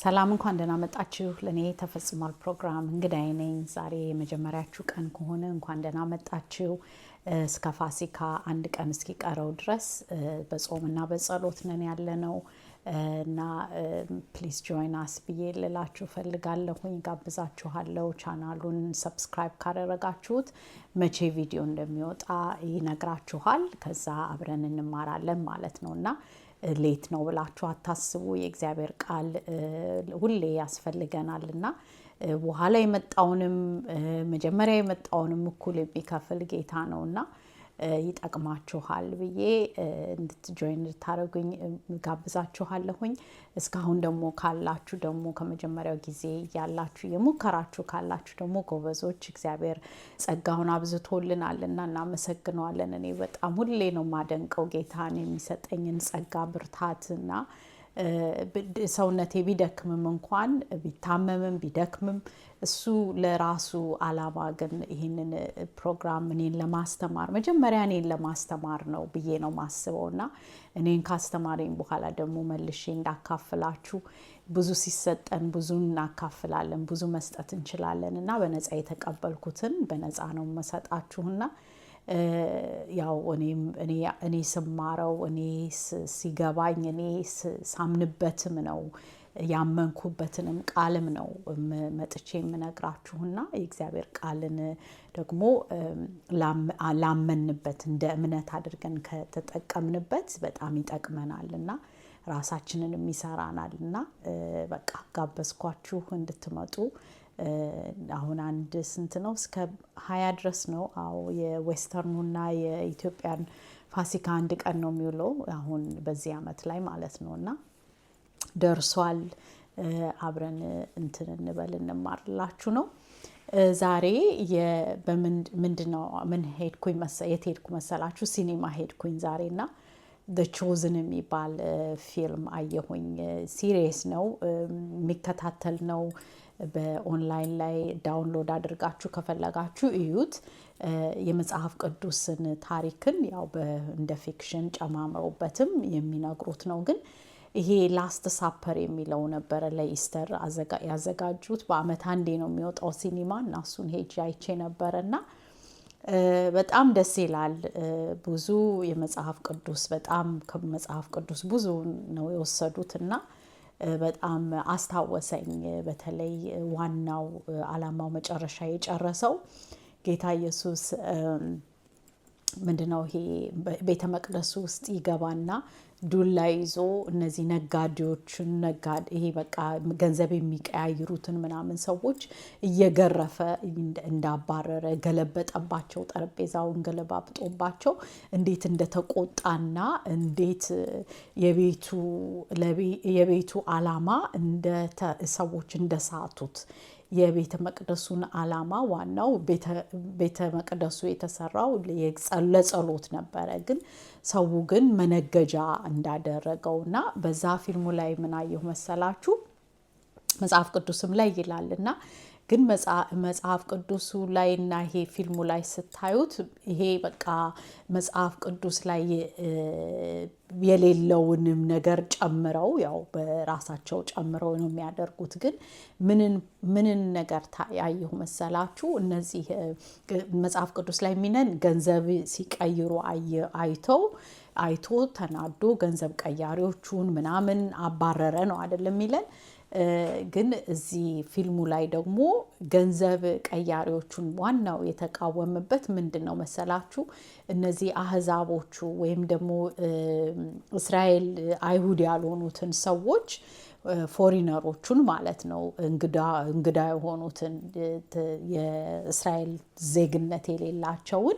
ሰላም እንኳን ደህና መጣችሁ። ለእኔ ተፈጽሟል ፕሮግራም እንግዳዬ ነኝ። ዛሬ የመጀመሪያችሁ ቀን ከሆነ እንኳን ደህና መጣችሁ። እስከ ፋሲካ አንድ ቀን እስኪቀረው ድረስ በጾምና በጸሎት ነን ያለነው እና ፕሊዝ ጆይን አስ ብዬ ልላችሁ ፈልጋለሁኝ። ጋብዛችኋለሁ። ቻናሉን ሰብስክራይብ ካደረጋችሁት መቼ ቪዲዮ እንደሚወጣ ይነግራችኋል። ከዛ አብረን እንማራለን ማለት ነው እና ሌት ነው ብላችሁ አታስቡ። የእግዚአብሔር ቃል ሁሌ ያስፈልገናል እና በኋላ የመጣውንም መጀመሪያ የመጣውንም እኩል የሚከፍል ጌታ ነው እና ይጠቅማችኋል ብዬ እንድትጆይን እንድታደረጉኝ ጋብዛችኋለሁኝ። እስካሁን ደግሞ ካላችሁ ደግሞ ከመጀመሪያው ጊዜ ያላችሁ የሞከራችሁ ካላችሁ ደግሞ ጎበዞች፣ እግዚአብሔር ጸጋውን አብዝቶልናልና እናመሰግነዋለን። እኔ በጣም ሁሌ ነው ማደንቀው ጌታን የሚሰጠኝን ጸጋ ብርታትና ሰውነቴ ቢደክምም እንኳን ቢታመምም ቢደክምም እሱ ለራሱ አላማ ግን ይህንን ፕሮግራም እኔን ለማስተማር መጀመሪያ እኔን ለማስተማር ነው ብዬ ነው ማስበው እና እኔን ካስተማሪኝ በኋላ ደግሞ መልሼ እንዳካፍላችሁ ብዙ ሲሰጠን ብዙ እናካፍላለን፣ ብዙ መስጠት እንችላለን እና በነፃ የተቀበልኩትን በነፃ ነው መሰጣችሁና ያው እኔ ስማረው እኔ ሲገባኝ እኔ ሳምንበትም ነው ያመንኩበትንም ቃልም ነው መጥቼ የምነግራችሁና የእግዚአብሔር ቃልን ደግሞ ላመንበት እንደ እምነት አድርገን ከተጠቀምንበት በጣም ይጠቅመናል እና ራሳችንንም ይሰራናል እና በቃ ጋበዝኳችሁ እንድትመጡ አሁን አንድ ስንት ነው እስከ ሀያ ድረስ ነው። አዎ የዌስተርኑና የኢትዮጵያን ፋሲካ አንድ ቀን ነው የሚውለው አሁን በዚህ አመት ላይ ማለት ነው እና ደርሷል። አብረን እንትን እንበል እንማርላችሁ ነው። ዛሬ ምንድነው ነው ምን ሄድኩኝ የት ሄድኩ መሰላችሁ? ሲኒማ ሄድኩኝ ዛሬ እና ቾዝን የሚባል ፊልም አየሁኝ። ሲሪየስ ነው የሚከታተል ነው በኦንላይን ላይ ዳውንሎድ አድርጋችሁ ከፈለጋችሁ እዩት። የመጽሐፍ ቅዱስን ታሪክን ያው እንደ ፊክሽን ጨማምረውበትም የሚነግሩት ነው። ግን ይሄ ላስት ሳፐር የሚለው ነበረ ለኢስተር ያዘጋጁት። በአመት አንዴ ነው የሚወጣው ሲኒማ እና እሱን ሄጄ አይቼ ነበረ እና በጣም ደስ ይላል። ብዙ የመጽሐፍ ቅዱስ በጣም ከመጽሐፍ ቅዱስ ብዙ ነው የወሰዱት እና በጣም አስታወሰኝ። በተለይ ዋናው ዓላማው መጨረሻ የጨረሰው ጌታ ኢየሱስ ምንድነው ይሄ ቤተ መቅደሱ ውስጥ ይገባና ዱላ ይዞ እነዚህ ነጋዴዎችን ይሄ በቃ ገንዘብ የሚቀያይሩትን ምናምን ሰዎች እየገረፈ እንዳባረረ ገለበጠባቸው፣ ጠረጴዛውን ገለባብጦባቸው እንዴት እንደተቆጣና እንዴት የቤቱ አላማ ሰዎች እንደሳቱት የቤተ መቅደሱን ዓላማ ዋናው ቤተ መቅደሱ የተሰራው ለጸሎት ነበረ። ግን ሰው ግን መነገጃ እንዳደረገው እና በዛ ፊልሙ ላይ ምናየሁ መሰላችሁ መጽሐፍ ቅዱስም ላይ ይላል እና ግን መጽሐፍ ቅዱሱ ላይ እና ይሄ ፊልሙ ላይ ስታዩት ይሄ በቃ መጽሐፍ ቅዱስ ላይ የሌለውንም ነገር ጨምረው ያው በራሳቸው ጨምረው ነው የሚያደርጉት። ግን ምንን ነገር ያየሁ መሰላችሁ? እነዚህ መጽሐፍ ቅዱስ ላይ የሚነን ገንዘብ ሲቀይሩ አይተው አይቶ ተናዶ ገንዘብ ቀያሪዎቹን ምናምን አባረረ ነው አይደለም የሚለን ግን እዚህ ፊልሙ ላይ ደግሞ ገንዘብ ቀያሪዎቹን ዋናው የተቃወመበት ምንድን ነው መሰላችሁ? እነዚህ አህዛቦቹ ወይም ደግሞ እስራኤል አይሁድ ያልሆኑትን ሰዎች ፎሪነሮቹን ማለት ነው እንግዳ እንግዳ የሆኑትን የእስራኤል ዜግነት የሌላቸውን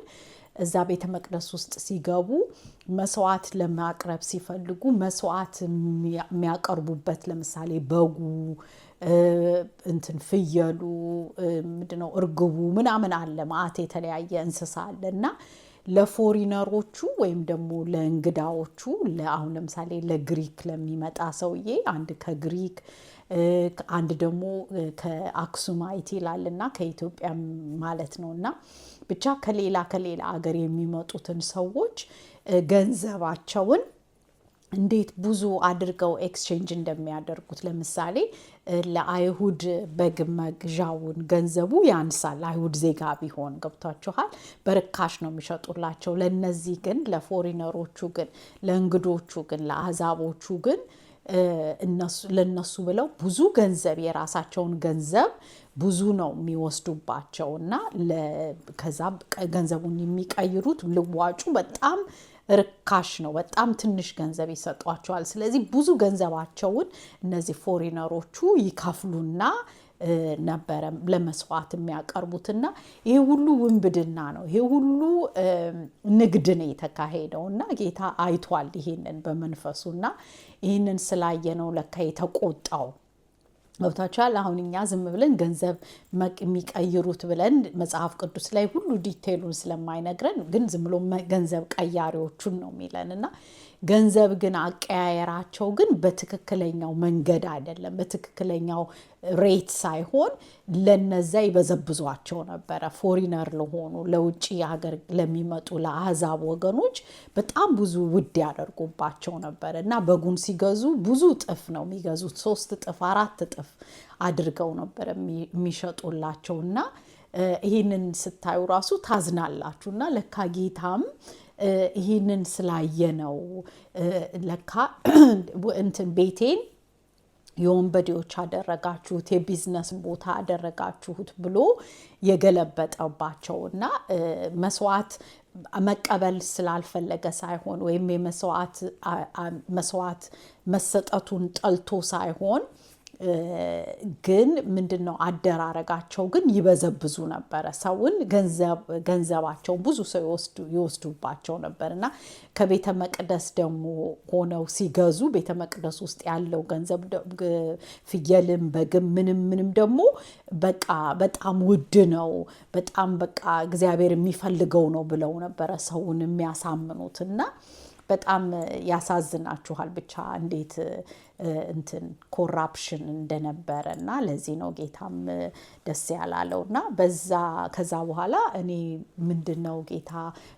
እዛ ቤተ መቅደስ ውስጥ ሲገቡ መስዋዕት ለማቅረብ ሲፈልጉ መስዋዕት የሚያቀርቡበት ለምሳሌ በጉ እንትን ፍየሉ ምንድነው እርግቡ ምናምን አለ ማአት የተለያየ እንስሳ አለ እና ለፎሪነሮቹ ወይም ደግሞ ለእንግዳዎቹ አሁን ለምሳሌ ለግሪክ ለሚመጣ ሰውዬ አንድ ከግሪክ አንድ ደግሞ ከአክሱም ይላል ላልና ከኢትዮጵያ ማለት ነው እና ብቻ ከሌላ ከሌላ አገር የሚመጡትን ሰዎች ገንዘባቸውን እንዴት ብዙ አድርገው ኤክስቼንጅ እንደሚያደርጉት ለምሳሌ ለአይሁድ በግ መግዣውን ገንዘቡ ያንሳል። አይሁድ ዜጋ ቢሆን ገብቷችኋል፣ በርካሽ ነው የሚሸጡላቸው። ለነዚህ ግን ለፎሪነሮቹ ግን ለእንግዶቹ ግን ለአዛቦቹ ግን ለእነሱ ብለው ብዙ ገንዘብ የራሳቸውን ገንዘብ ብዙ ነው የሚወስዱባቸው እና ከዛ ገንዘቡን የሚቀይሩት ልዋጩ በጣም ርካሽ ነው። በጣም ትንሽ ገንዘብ ይሰጧቸዋል። ስለዚህ ብዙ ገንዘባቸውን እነዚህ ፎሪነሮቹ ይከፍሉና ነበረ ለመስዋዕት የሚያቀርቡትና ይሄ ሁሉ ውንብድና ነው። ይሄ ሁሉ ንግድ ነው የተካሄደው እና ጌታ አይቷል ይሄንን በመንፈሱና ይህንን ስላየ ነው ለካ የተቆጣው። ገብታችኋል። አሁን እኛ ዝም ብለን ገንዘብ የሚቀይሩት ብለን መጽሐፍ ቅዱስ ላይ ሁሉ ዲቴይሉን ስለማይነግረን ግን ዝም ብሎ ገንዘብ ቀያሪዎቹን ነው የሚለን እና ገንዘብ ግን አቀያየራቸው ግን በትክክለኛው መንገድ አይደለም። በትክክለኛው ሬት ሳይሆን ለነዛ ይበዘብዟቸው ነበረ። ፎሪነር ለሆኑ ለውጭ ሀገር ለሚመጡ ለአህዛብ ወገኖች በጣም ብዙ ውድ ያደርጉባቸው ነበረ እና በጉን ሲገዙ ብዙ ጥፍ ነው የሚገዙት። ሶስት ጥፍ አራት ጥፍ አድርገው ነበረ የሚሸጡላቸው እና ይህንን ስታዩ ራሱ ታዝናላችሁ እና ለካ ጌታም ይህንን ስላየ ነው ለካ እንትን ቤቴን የወንበዴዎች አደረጋችሁት፣ የቢዝነስ ቦታ አደረጋችሁት ብሎ የገለበጠባቸው እና መስዋዕት መቀበል ስላልፈለገ ሳይሆን ወይም የመስዋዕት መሰጠቱን ጠልቶ ሳይሆን ግን ምንድን ነው አደራረጋቸው ግን ይበዘብዙ ነበረ። ሰውን ገንዘባቸውን ብዙ ሰው ይወስዱባቸው ነበር እና ከቤተ መቅደስ ደግሞ ሆነው ሲገዙ ቤተ መቅደስ ውስጥ ያለው ገንዘብ ፍየልም፣ በግም፣ ምንም ምንም ደግሞ በቃ በጣም ውድ ነው፣ በጣም በቃ እግዚአብሔር የሚፈልገው ነው ብለው ነበረ ሰውን የሚያሳምኑት እና በጣም ያሳዝናችኋል ብቻ እንዴት እንትን ኮራፕሽን እንደነበረ እና ለዚህ ነው ጌታም ደስ ያላለው እና በዛ ከዛ በኋላ እኔ ምንድን ነው ጌታ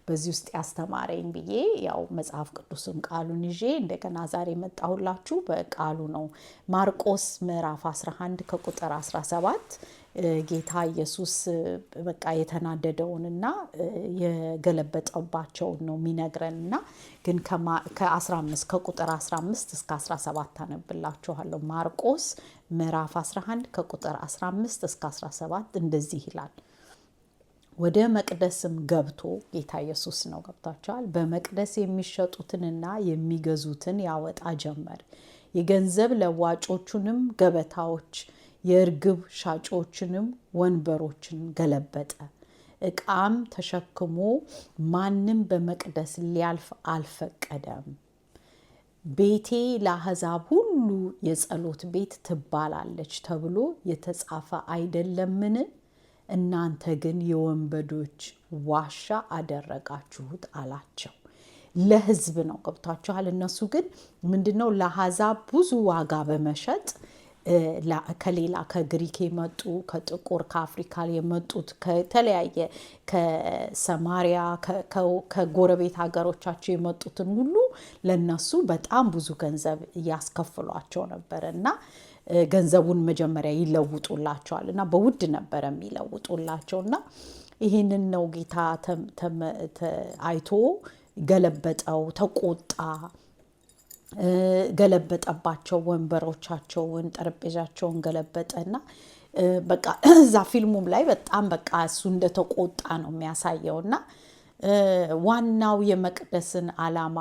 በዚህ ውስጥ ያስተማረኝ ብዬ ያው መጽሐፍ ቅዱስም ቃሉን ይዤ እንደገና ዛሬ መጣሁላችሁ። በቃሉ ነው ማርቆስ ምዕራፍ 11 ከቁጥር 17 ጌታ ኢየሱስ በቃ የተናደደውንና የገለበጠባቸውን ነው የሚነግረን እና ግን 15 ከቁጥር 15 እስከ 17 አነብላችኋለሁ። ማርቆስ ምዕራፍ 11 ከቁጥር 15 እስከ 17 እንደዚህ ይላል። ወደ መቅደስም ገብቶ ጌታ ኢየሱስ ነው ገብቷቸዋል። በመቅደስ የሚሸጡትንና የሚገዙትን ያወጣ ጀመር። የገንዘብ ለዋጮቹንም ገበታዎች የእርግብ ሻጮችንም ወንበሮችን ገለበጠ። እቃም ተሸክሞ ማንም በመቅደስ ሊያልፍ አልፈቀደም። ቤቴ ለአሕዛብ ሁሉ የጸሎት ቤት ትባላለች ተብሎ የተጻፈ አይደለምን? እናንተ ግን የወንበዶች ዋሻ አደረጋችሁት አላቸው። ለሕዝብ ነው ገብቷችኋል። እነሱ ግን ምንድነው ለአሕዛብ ብዙ ዋጋ በመሸጥ ከሌላ ከግሪክ የመጡ ከጥቁር ከአፍሪካ የመጡት ከተለያየ ከሰማሪያ ከጎረቤት ሀገሮቻቸው የመጡትን ሁሉ ለነሱ በጣም ብዙ ገንዘብ እያስከፍሏቸው ነበር እና ገንዘቡን መጀመሪያ ይለውጡላቸዋል እና በውድ ነበር የሚለውጡላቸው እና ይህንን ነው ጌታ አይቶ ገለበጠው፣ ተቆጣ። ገለበጠባቸው ወንበሮቻቸውን፣ ጠረጴዛቸውን ገለበጠና በቃ እዛ ፊልሙም ላይ በጣም በቃ እሱ እንደተቆጣ ነው የሚያሳየው እና ዋናው የመቅደስን ዓላማ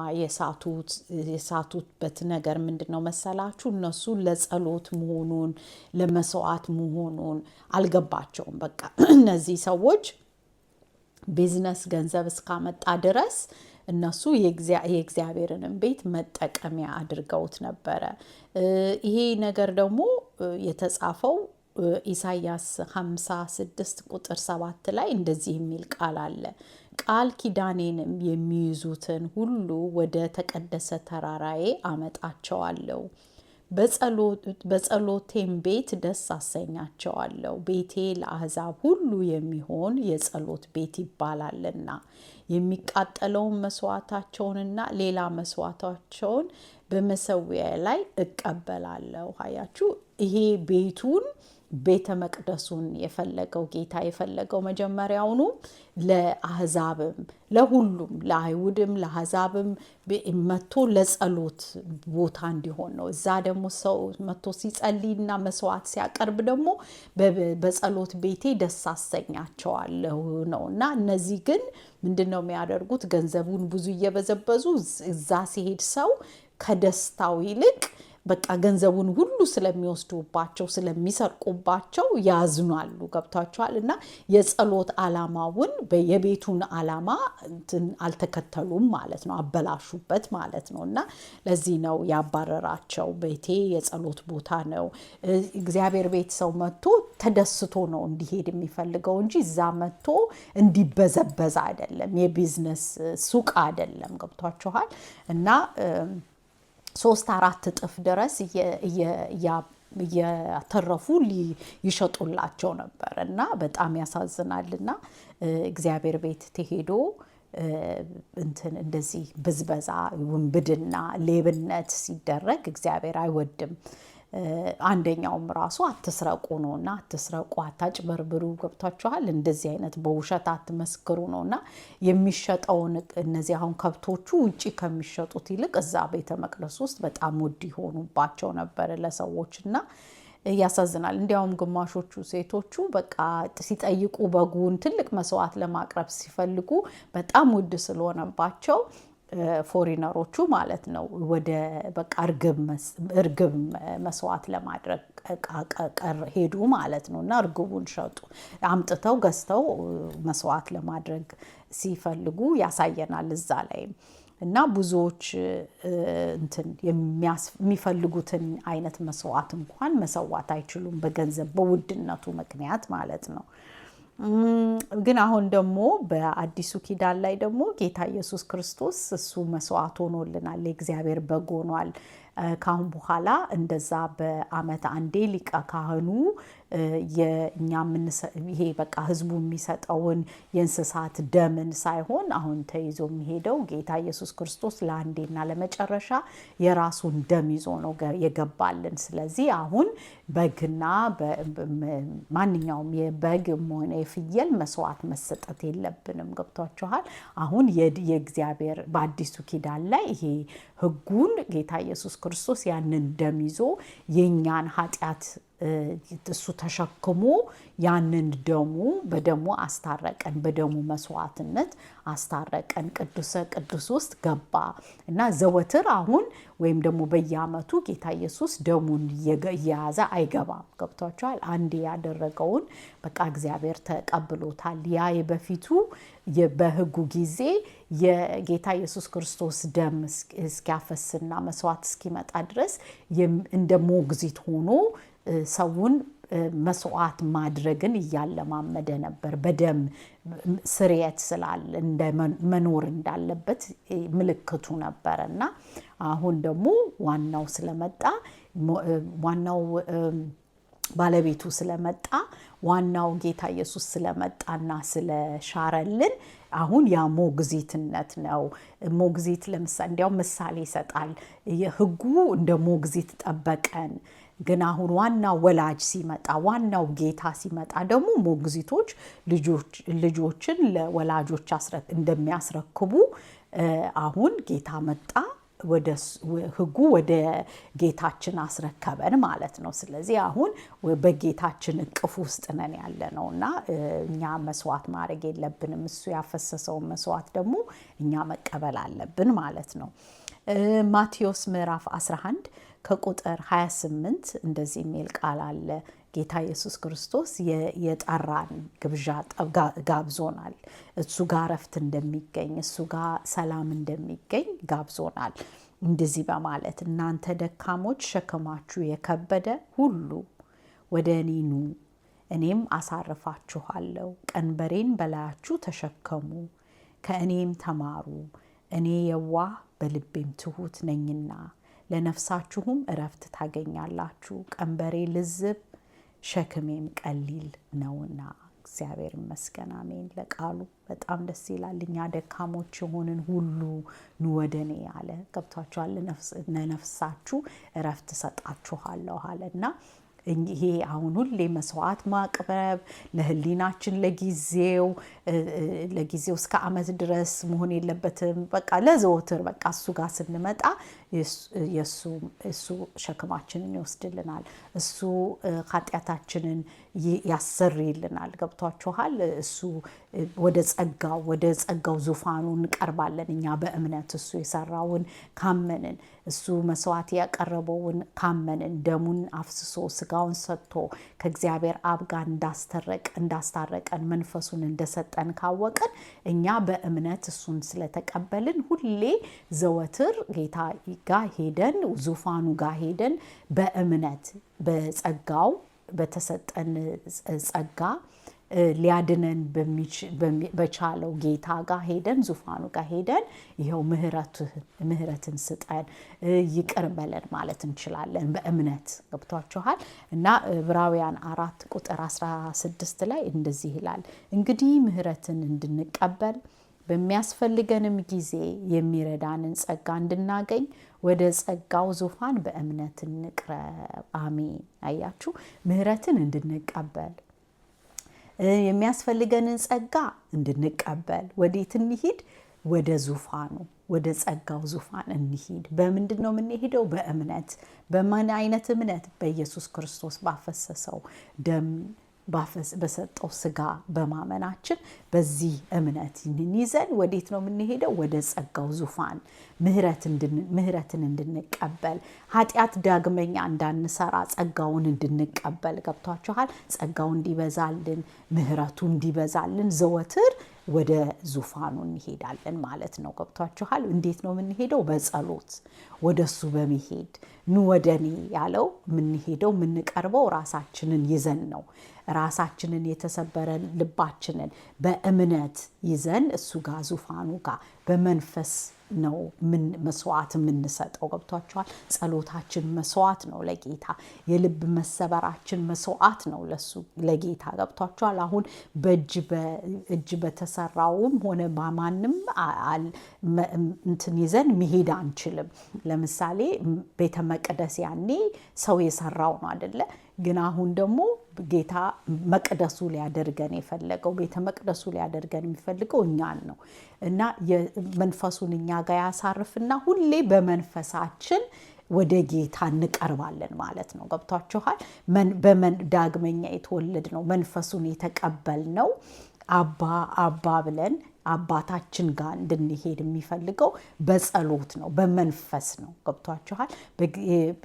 የሳቱበት ነገር ምንድን ነው መሰላችሁ? እነሱ ለጸሎት መሆኑን ለመስዋዕት መሆኑን አልገባቸውም። በቃ እነዚህ ሰዎች ቢዝነስ ገንዘብ እስካመጣ ድረስ እነሱ የእግዚአብሔርንም ቤት መጠቀሚያ አድርገውት ነበረ። ይሄ ነገር ደግሞ የተጻፈው ኢሳያስ 56 ቁጥር 7 ላይ እንደዚህ የሚል ቃል አለ። ቃል ኪዳኔንም የሚይዙትን ሁሉ ወደ ተቀደሰ ተራራዬ አመጣቸዋለሁ በጸሎቴም ቤት ደስ አሰኛቸዋለሁ። ቤቴ ለአሕዛብ ሁሉ የሚሆን የጸሎት ቤት ይባላልና የሚቃጠለውን መስዋዕታቸውንና ሌላ መስዋዕታቸውን በመሰዊያ ላይ እቀበላለሁ። አያችሁ ይሄ ቤቱን ቤተ መቅደሱን የፈለገው ጌታ የፈለገው መጀመሪያውኑ ለአህዛብም ለሁሉም ለአይሁድም ለአህዛብም መጥቶ ለጸሎት ቦታ እንዲሆን ነው። እዛ ደግሞ ሰው መጥቶ ሲጸልይና መስዋዕት ሲያቀርብ ደግሞ በጸሎት ቤቴ ደስ አሰኛቸዋለሁ ነው እና እነዚህ ግን ምንድን ነው የሚያደርጉት? ገንዘቡን ብዙ እየበዘበዙ እዛ ሲሄድ ሰው ከደስታው ይልቅ በቃ ገንዘቡን ሁሉ ስለሚወስዱባቸው ስለሚሰርቁባቸው ያዝኗሉ ገብቷቸዋል። እና የጸሎት አላማውን የቤቱን አላማ አልተከተሉም ማለት ነው፣ አበላሹበት ማለት ነው። እና ለዚህ ነው ያባረራቸው። ቤቴ የጸሎት ቦታ ነው። እግዚአብሔር ቤት ሰው መጥቶ ተደስቶ ነው እንዲሄድ የሚፈልገው እንጂ እዛ መጥቶ እንዲበዘበዝ አይደለም። የቢዝነስ ሱቅ አይደለም። ገብቷችኋል እና ሶስት አራት እጥፍ ድረስ እያተረፉ ይሸጡላቸው ነበር እና በጣም ያሳዝናል። እና እግዚአብሔር ቤት ተሄዶ እንትን እንደዚህ ብዝበዛ፣ ውንብድና፣ ሌብነት ሲደረግ እግዚአብሔር አይወድም። አንደኛውም ራሱ አትስረቁ ነው እና አትስረቁ፣ አታጭበርብሩ ገብቷችኋል። እንደዚህ አይነት በውሸት አትመስክሩ ነው እና የሚሸጠውን እነዚህ አሁን ከብቶቹ ውጭ ከሚሸጡት ይልቅ እዛ ቤተ መቅደስ ውስጥ በጣም ውድ ይሆኑባቸው ነበረ ለሰዎች እና ያሳዝናል። እንዲያውም ግማሾቹ ሴቶቹ በቃ ሲጠይቁ በጉን ትልቅ መስዋዕት ለማቅረብ ሲፈልጉ በጣም ውድ ስለሆነባቸው ፎሪነሮቹ ማለት ነው ወደ በቃ እርግብ መስዋዕት ለማድረግ ሄዱ ማለት ነው እና እርግቡን ሸጡ አምጥተው ገዝተው መስዋዕት ለማድረግ ሲፈልጉ ያሳየናል እዛ ላይም እና ብዙዎች እንትን የሚፈልጉትን አይነት መስዋዕት እንኳን መሰዋት አይችሉም በገንዘብ በውድነቱ ምክንያት ማለት ነው። ግን አሁን ደግሞ በአዲሱ ኪዳን ላይ ደግሞ ጌታ ኢየሱስ ክርስቶስ እሱ መስዋዕት ሆኖልናል። የእግዚአብሔር በግ ሆኗል። ካሁን በኋላ እንደዛ በዓመት አንዴ ሊቀ ካህኑ የእኛ ይሄ በቃ ህዝቡ የሚሰጠውን የእንስሳት ደምን ሳይሆን አሁን ተይዞ የሚሄደው ጌታ ኢየሱስ ክርስቶስ ለአንዴና ለመጨረሻ የራሱን ደም ይዞ ነው የገባልን። ስለዚህ አሁን በግና ማንኛውም የበግ ሆነ የፍየል መስዋዕት መሰጠት የለብንም። ገብቷችኋል? አሁን የእግዚአብሔር በአዲሱ ኪዳን ላይ ይሄ ህጉን ጌታ ኢየሱስ ክርስቶስ ያንን ደም ይዞ የእኛን ኃጢአት እሱ ተሸክሞ ያንን ደሙ በደሙ አስታረቀን፣ በደሙ መስዋዕትነት አስታረቀን። ቅዱሰ ቅዱስ ውስጥ ገባ እና ዘወትር አሁን ወይም ደግሞ በየዓመቱ ጌታ ኢየሱስ ደሙን እየያዘ አይገባም። ገብቷቸዋል። አንድ ያደረገውን በቃ እግዚአብሔር ተቀብሎታል። ያ በፊቱ በሕጉ ጊዜ የጌታ ኢየሱስ ክርስቶስ ደም እስኪያፈስና መስዋዕት እስኪመጣ ድረስ እንደ ሞግዚት ሆኖ ሰውን መስዋዕት ማድረግን እያለማመደ ነበር። በደም ስርየት ስላለ እንደ መኖር እንዳለበት ምልክቱ ነበር እና አሁን ደግሞ ዋናው ስለመጣ ዋናው ባለቤቱ ስለመጣ ዋናው ጌታ ኢየሱስ ስለመጣና ስለሻረልን አሁን ያ ሞግዚትነት ነው። ሞግዚት ለምሳሌ እንዲያው ምሳሌ ይሰጣል። ህጉ እንደ ሞግዚት ጠበቀን። ግን አሁን ዋናው ወላጅ ሲመጣ ዋናው ጌታ ሲመጣ ደግሞ ሞግዚቶች ልጆችን ለወላጆች እንደሚያስረክቡ አሁን ጌታ መጣ። ወደ ወደ ጌታችን አስረከበን ማለት ነው። ስለዚህ አሁን በጌታችን እቅፍ ውስጥ ነን ያለ ነው እና እኛ መስዋዕት ማድረግ የለብንም። እሱ ያፈሰሰውን መስዋዕት ደግሞ እኛ መቀበል አለብን ማለት ነው። ማቴዎስ ምዕራፍ 11 ከቁጥር 28 እንደዚህ የሚል ቃል አለ። ጌታ ኢየሱስ ክርስቶስ የጠራን ግብዣ ጋብዞናል። እሱ ጋር እረፍት እንደሚገኝ፣ እሱ ጋር ሰላም እንደሚገኝ ጋብዞናል። እንደዚህ በማለት እናንተ ደካሞች ሸክማችሁ የከበደ ሁሉ ወደ እኔ ኑ፣ እኔም አሳርፋችኋለሁ። ቀንበሬን በላያችሁ ተሸከሙ፣ ከእኔም ተማሩ፣ እኔ የዋህ በልቤም ትሁት ነኝና ለነፍሳችሁም እረፍት ታገኛላችሁ። ቀንበሬ ልዝብ ሸክሜም ቀሊል ነውና። እግዚአብሔር ይመስገን አሜን። ለቃሉ በጣም ደስ ይላል። እኛ ደካሞች የሆንን ሁሉ ኑ ወደ እኔ አለ። ገብቷችኋል? ለነፍሳችሁ እረፍት እሰጣችኋለሁ አለ እና ይሄ አሁን ሁሌ መስዋዕት ማቅረብ ለህሊናችን ለጊዜው ለጊዜው እስከ አመት ድረስ መሆን የለበትም። በቃ ለዘወትር በቃ እሱ ጋር ስንመጣ እሱ ሸክማችንን ይወስድልናል። እሱ ኃጢአታችንን ያሰርልናል። ገብቷችኋል? እሱ ወደ ጸጋው ወደ ጸጋው ዙፋኑ እንቀርባለን እኛ በእምነት እሱ የሰራውን ካመንን እሱ መስዋዕት ያቀረበውን ካመንን ደሙን አፍስሶ ስጋውን ሰጥቶ ከእግዚአብሔር አብ ጋር እንዳስተረቅ እንዳስታረቀን መንፈሱን እንደሰጠን ካወቀን እኛ በእምነት እሱን ስለተቀበልን ሁሌ ዘወትር ጌታ ጋር ሄደን ዙፋኑ ጋር ሄደን በእምነት በጸጋው በተሰጠን ጸጋ ሊያድነን በቻለው ጌታ ጋር ሄደን ዙፋኑ ጋር ሄደን ይኸው ምሕረትን ስጠን ይቅር በለን ማለት እንችላለን በእምነት ገብቷችኋል። እና ዕብራውያን አራት ቁጥር 16 ላይ እንደዚህ ይላል፣ እንግዲህ ምሕረትን እንድንቀበል በሚያስፈልገንም ጊዜ የሚረዳንን ጸጋ እንድናገኝ ወደ ጸጋው ዙፋን በእምነት እንቅረብ። አሜን። አያችሁ፣ ምሕረትን እንድንቀበል የሚያስፈልገንን ጸጋ እንድንቀበል ወዴት እንሂድ? ወደ ዙፋኑ ወደ ጸጋው ዙፋን እንሂድ። በምንድን ነው የምንሄደው? በእምነት። በምን አይነት እምነት? በኢየሱስ ክርስቶስ ባፈሰሰው ደም በሰጠው ስጋ በማመናችን በዚህ እምነት ይዘን ወዴት ነው የምንሄደው? ወደ ጸጋው ዙፋን ምሕረትን እንድንቀበል ኃጢአት ዳግመኛ እንዳንሰራ ጸጋውን እንድንቀበል ገብቷችኋል። ጸጋው እንዲበዛልን ምሕረቱ እንዲበዛልን ዘወትር ወደ ዙፋኑ እንሄዳለን ማለት ነው። ገብቷችኋል? እንዴት ነው የምንሄደው? በጸሎት ወደ እሱ በመሄድ ኑ ወደ እኔ ያለው የምንሄደው የምንቀርበው ራሳችንን ይዘን ነው። ራሳችንን የተሰበረን ልባችንን በእምነት ይዘን እሱ ጋር ዙፋኑ ጋር በመንፈስ ነው ምን መስዋዕት የምንሰጠው ገብቷቸዋል። ጸሎታችን መስዋዕት ነው ለጌታ። የልብ መሰበራችን መስዋዕት ነው ለሱ ለጌታ ገብቷቸዋል። አሁን በእጅ በተሰራውም ሆነ በማንም እንትን ይዘን መሄድ አንችልም። ለምሳሌ ቤተ መቅደስ ያኔ ሰው የሰራው ነው አደለ ግን አሁን ደግሞ ጌታ መቅደሱ ሊያደርገን የፈለገው ቤተ መቅደሱ ሊያደርገን የሚፈልገው እኛን ነው እና መንፈሱን እኛ ጋር ያሳርፍና ሁሌ በመንፈሳችን ወደ ጌታ እንቀርባለን ማለት ነው። ገብቷችኋል? ዳግመኛ የተወለድ ነው መንፈሱን የተቀበል ነው አባ አባ ብለን አባታችን ጋር እንድንሄድ የሚፈልገው በጸሎት ነው፣ በመንፈስ ነው። ገብቷችኋል?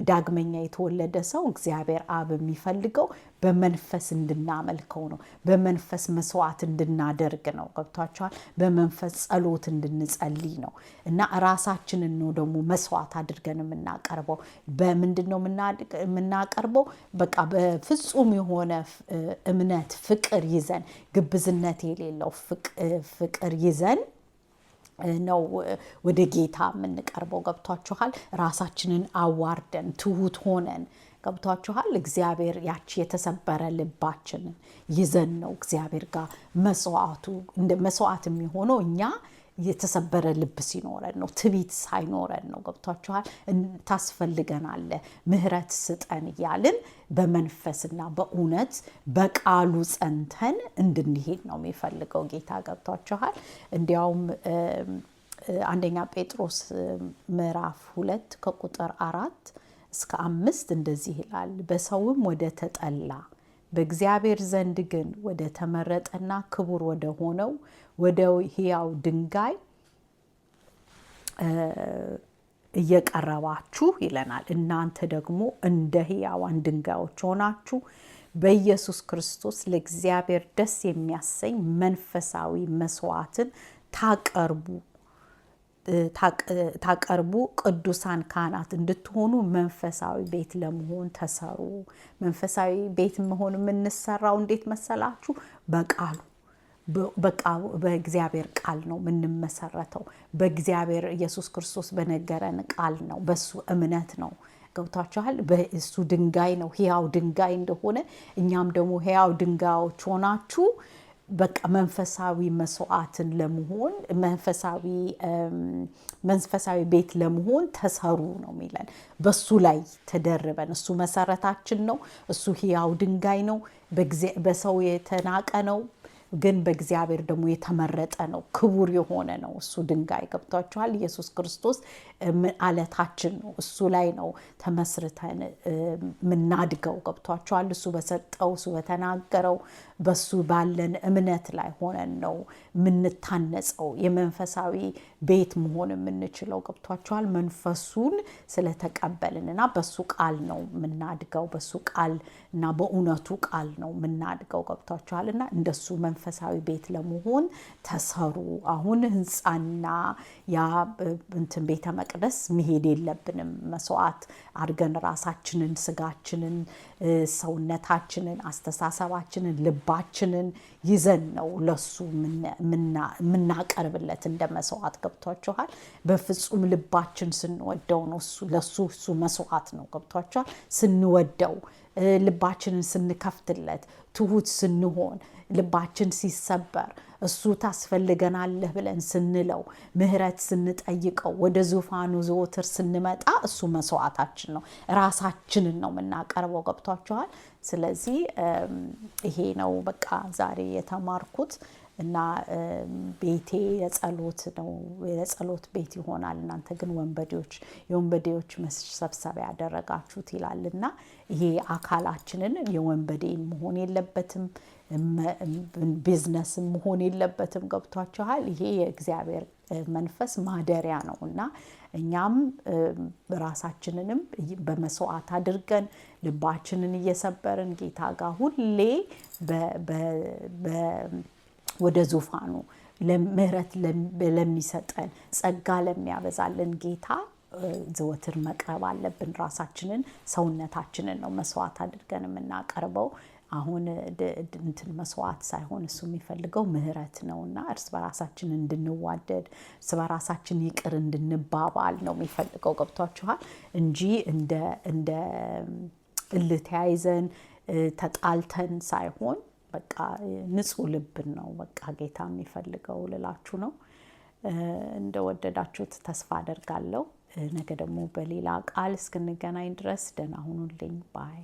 ዳግመኛ የተወለደ ሰው እግዚአብሔር አብ የሚፈልገው በመንፈስ እንድናመልከው ነው። በመንፈስ መስዋዕት እንድናደርግ ነው። ገብቷቸዋል። በመንፈስ ጸሎት እንድንጸልይ ነው እና ራሳችንን ነው ደግሞ መስዋዕት አድርገን የምናቀርበው። በምንድን ነው የምናቀርበው? በቃ በፍጹም የሆነ እምነት ፍቅር ይዘን ግብዝነት የሌለው ፍቅር ይዘን ነው ወደ ጌታ የምንቀርበው። ገብቷችኋል። ራሳችንን አዋርደን ትሁት ሆነን ገብቷችኋል። እግዚአብሔር ያቺ የተሰበረ ልባችንን ይዘን ነው እግዚአብሔር ጋር መስዋዕቱ እንደ መስዋዕት የሚሆነው እኛ የተሰበረ ልብ ሲኖረን ነው። ትቢት ሳይኖረን ነው። ገብቷችኋል። ታስፈልገናለ ምሕረት ስጠን እያልን በመንፈስና በእውነት በቃሉ ጸንተን እንድንሄድ ነው የሚፈልገው ጌታ። ገብቷችኋል። እንዲያውም አንደኛ ጴጥሮስ ምዕራፍ ሁለት ከቁጥር አራት እስከ አምስት እንደዚህ ይላል። በሰውም ወደ ተጠላ በእግዚአብሔር ዘንድ ግን ወደ ተመረጠና ክቡር ወደ ሆነው ወደ ሕያው ድንጋይ እየቀረባችሁ ይለናል። እናንተ ደግሞ እንደ ሕያዋን ድንጋዮች ሆናችሁ በኢየሱስ ክርስቶስ ለእግዚአብሔር ደስ የሚያሰኝ መንፈሳዊ መስዋዕትን ታቀርቡ ታቀርቡ ቅዱሳን ካህናት እንድትሆኑ መንፈሳዊ ቤት ለመሆን ተሰሩ። መንፈሳዊ ቤት መሆን የምንሰራው እንዴት መሰላችሁ? በቃሉ በእግዚአብሔር ቃል ነው የምንመሰረተው። በእግዚአብሔር ኢየሱስ ክርስቶስ በነገረን ቃል ነው፣ በሱ እምነት ነው። ገብታችኋል? በእሱ ድንጋይ ነው፣ ሕያው ድንጋይ እንደሆነ እኛም ደግሞ ሕያው ድንጋዮች ሆናችሁ በቃ መንፈሳዊ መስዋዕትን ለመሆን መንፈሳዊ ቤት ለመሆን ተሰሩ ነው የሚለን። በሱ ላይ ተደርበን እሱ መሰረታችን ነው። እሱ ህያው ድንጋይ ነው። በሰው የተናቀ ነው ግን በእግዚአብሔር ደግሞ የተመረጠ ነው። ክቡር የሆነ ነው እሱ ድንጋይ ገብቷችኋል። ኢየሱስ ክርስቶስ አለታችን ነው። እሱ ላይ ነው ተመስርተን የምናድገው። ገብቷችኋል። እሱ በሰጠው እሱ በተናገረው በሱ ባለን እምነት ላይ ሆነን ነው የምንታነጸው። የመንፈሳዊ ቤት መሆን የምንችለው ገብቷቸዋል። መንፈሱን ስለተቀበልን እና በሱ ቃል ነው የምናድገው። በሱ ቃል እና በእውነቱ ቃል ነው የምናድገው። ገብቷቸዋል እና እንደሱ መንፈሳዊ ቤት ለመሆን ተሰሩ። አሁን ህንፃና ያ እንትን ቤተ መቅደስ መሄድ የለብንም። መስዋዕት አድርገን ራሳችንን፣ ስጋችንን፣ ሰውነታችንን፣ አስተሳሰባችንን ልብ ልባችንን ይዘን ነው ለሱ የምናቀርብለት እንደ መስዋዕት ገብቷችኋል። በፍጹም ልባችን ስንወደው ነው ለሱ እሱ መስዋዕት ነው። ገብቷችኋል። ስንወደው ልባችንን ስንከፍትለት ትሁት ስንሆን ልባችን ሲሰበር እሱ ታስፈልገናለህ ብለን ስንለው ምህረት ስንጠይቀው ወደ ዙፋኑ ዘወትር ስንመጣ እሱ መስዋዕታችን ነው። ራሳችንን ነው የምናቀርበው። ገብቷችኋል? ስለዚህ ይሄ ነው በቃ ዛሬ የተማርኩት እና ቤቴ የጸሎት ነው፣ የጸሎት ቤት ይሆናል። እናንተ ግን ወንበዴዎች የወንበዴዎች መሰብሰቢያ ያደረጋችሁት ይላል እና ይሄ አካላችንን የወንበዴን መሆን የለበትም። ቢዝነስ መሆን የለበትም። ገብቷችኋል? ይሄ የእግዚአብሔር መንፈስ ማደሪያ ነው እና እኛም ራሳችንንም በመስዋዕት አድርገን ልባችንን እየሰበርን ጌታ ጋር ሁሌ ወደ ዙፋኑ ምሕረት ለሚሰጠን ጸጋ ለሚያበዛልን ጌታ ዘወትር መቅረብ አለብን። ራሳችንን ሰውነታችንን ነው መስዋዕት አድርገን የምናቀርበው። አሁን እንትን መስዋዕት ሳይሆን እሱ የሚፈልገው ምህረት ነው እና እርስ በራሳችን እንድንዋደድ እርስ በራሳችን ይቅር እንድንባባል ነው የሚፈልገው። ገብቷችኋል? እንጂ እንደ እልህ ተያይዘን ተጣልተን ሳይሆን በቃ ንጹህ ልብን ነው በቃ ጌታ የሚፈልገው ልላችሁ ነው። እንደወደዳችሁት ተስፋ አደርጋለሁ። ነገ ደግሞ በሌላ ቃል እስክንገናኝ ድረስ ደህና ሁኑልኝ ባይ